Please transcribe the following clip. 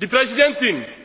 Die Präsidentin!